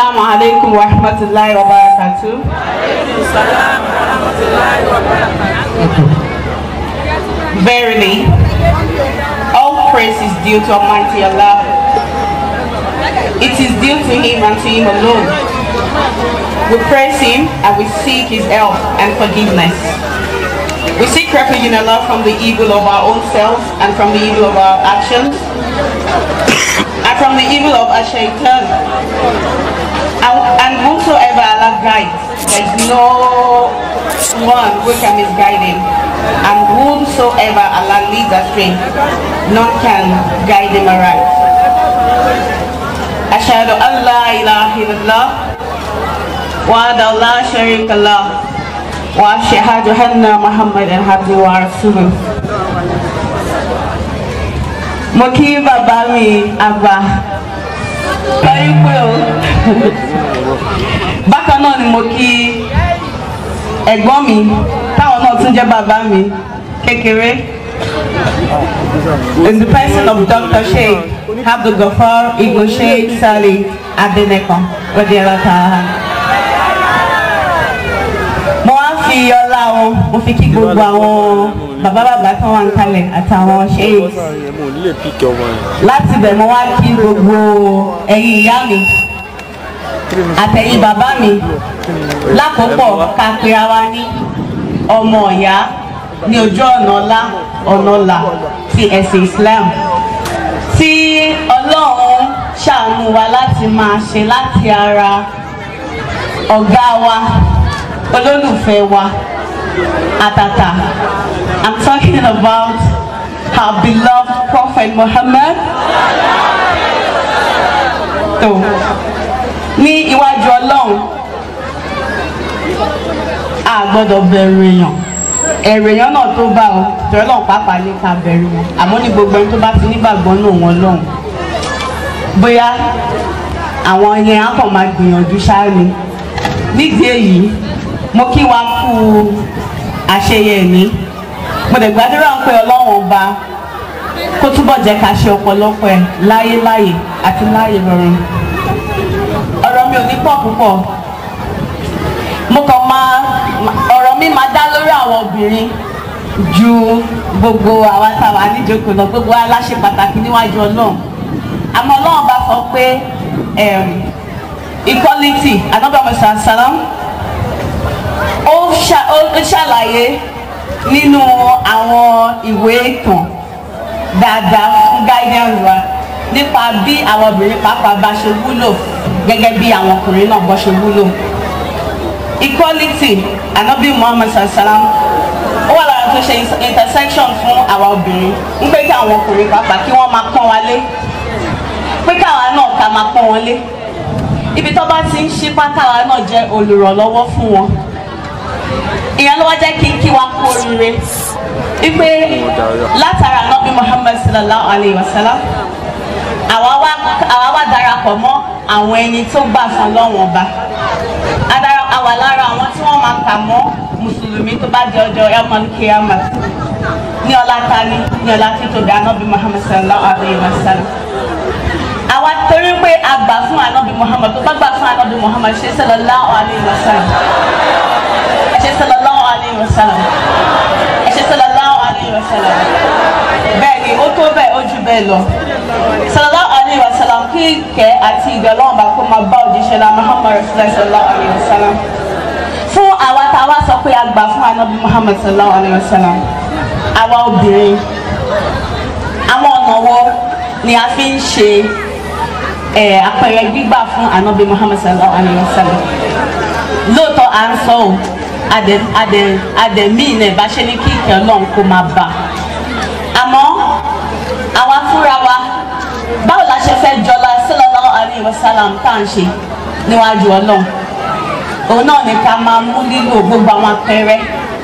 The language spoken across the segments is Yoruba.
Assalamu alaikum wa rahmatullahi wa barakatuh. Verily, all praise is due to Almighty Allah. It is due to Him and to Him alone. We praise Him and we seek His help and forgiveness. We seek refuge in Allah from the evil of our own selves and from the evil of our actions and from the evil of shaitan. And, and whomsoever Allah guides, there's no one who can misguide him. And whomsoever Allah leads astray, none can guide him aright. أشهد أن لا إله إلا الله وأن لا شريك له وأشهد أن محمدا عبده ورسوله mo kí bàbá mi àgbà lọ́yìn bákan náà ni mo kí ẹ̀gbọ́n mi táwọn náà tún jẹ́ bàbá mi kékeré in the person of Dr. Sheikh Abdul Gafar Igbo Sheikh Sali Adenekan rọ́díẹ̀lọ́ta mo wá fi ọlá wọn mo fi kí gbogbo àwọn bàbá bàbá kan wà ń kalẹ̀ àtàwọn ṣéyìn. láti bẹ̀ mo wá kí gbogbo ẹ̀yin ìyá mi àtẹ̀yin bàbá mi lákòópọ̀ ká pe ara ní ọmọ ìyá ní ojú ọ̀nà ọlá ọ̀nà ọ̀la ti ẹ̀sìn Islam tí Ọlọ́run ṣàánú wa láti máa ṣe láti ara ọ̀gá wa olólùfẹ́ wa. Atata. I'm talking about our beloved Prophet Muhammad. So, ní iwájú Ọlọ́run a gbọ́dọ̀ bẹ̀rù èèyàn ẹ̀rù èèyàn náà tó bá ọ tẹ̀rẹ́ lọ́n pàápàá ní ká bẹ̀rù wọn àmọ́ ní gbogbo ẹni tó bá ti nígbàgbọ́ náà wọn lọ́hùn bóyá àwọn yẹn á kàn máa gbìyànjú ṣáá ni nídìí èyí mo kí wa kú àṣeyẹ mi mo dẹ̀ gbàdúrà pé ọlọ́run ọba kó túbọ̀ jẹ́ ká ṣe ọ̀pọ̀lọpọ̀ ẹ̀ láyé láyè àti láyè rọrùn ọ̀rọ̀ mi ò ní pọ̀ púpọ̀ mo kàn máa ọ̀rọ̀ mi máa dá lórí àwọn obìnrin ju gbogbo àwa táwa níjókòó lọ gbogbo wa láṣẹ pàtàkì níwájú ọlọ́run àmọ́ ọlọ́run bá sọ pé equality anábàámu sàlám ó ṣàlàyé nínú àwọn ìwé ìtàn dáadáa fún guardian wa nípa bí àwọn obìnrin pàápàá bá ṣe wúlò gẹ́gẹ́ bí àwọn ọkùnrin náà bọ́ ṣe wúlò equality anabi muhammad sallam ó wà lára tó ṣe intersection fún àwa obìnrin ń pé kí àwọn ọkùnrin pàápàá kí wọ́n máa pọ́n wa lé pé káwa náà ká máa pọ́n wọn lé ibi tó bá ti ń ṣípá káwa náà jẹ́ olùrànlọ́wọ́ fún wọn ìyẹn ló wá jẹ́ kí n kí wa kú oríire wípé látara nọ́bí Muhammad sallallahu alayhi wa sallam àwa wá darapọ̀ mọ́ àwọn ẹni tó gbà fún lọ́wọ́n ọba àwa lára àwọn tí wọ́n máa kà mọ́ mùsùlùmí tó bá di ọjọ́ elman kiyama ní ọlá tani ní ọlá tí tó dá sallallahu alayhi wa sallam àwa torí pé a gbà fún ànábì Muhammad tó bá gbà fún ànábì Muhammad ṣe sallallahu alayhi wa sallam ẹ̀ṣẹ̀ sallallahu alayhi wa ẹ̀ṣẹ̀ sallallahu alayhi wa sallam bẹ́ẹ̀ ni ó tó bẹ́ẹ̀ ó ju bẹ́ẹ̀ lọ sallallahu alayhi wa sallam kí ìkẹ́ àti ìgbẹ́ lọ́wọ́ bá kó máa bá òjíṣẹ́ la Muhammad rasulillah sallallahu alayhi wa sallam fún àwa tá a wá sọ pé a gbà fún anabi Muhammad sallallahu alayhi wa sallam àwa obìnrin àwọn ọ̀nà wo ni a fi ń ṣe àpẹẹrẹ gbígbà fún anabi Muhammad sallallahu alayhi wa sallam lóòótọ́ à ń sọ ò adẹ adẹ adẹmí iná ìbáṣẹ ní kí ìkẹ́ Ọlọ́run kó máa bà àmọ́ àwa fúnra wa báwo la ṣe fẹ́ jọlá sallallahu alaihi wasallam tá à ń ṣe níwájú Ọlọ́run òun náà ni ká máa mú lílo gbogbo àwọn apẹrẹ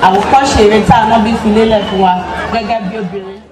àwòkọ́ṣe eré tá a náà bí fi lélẹ̀ fún wa gẹ́gẹ́ bí obìnrin.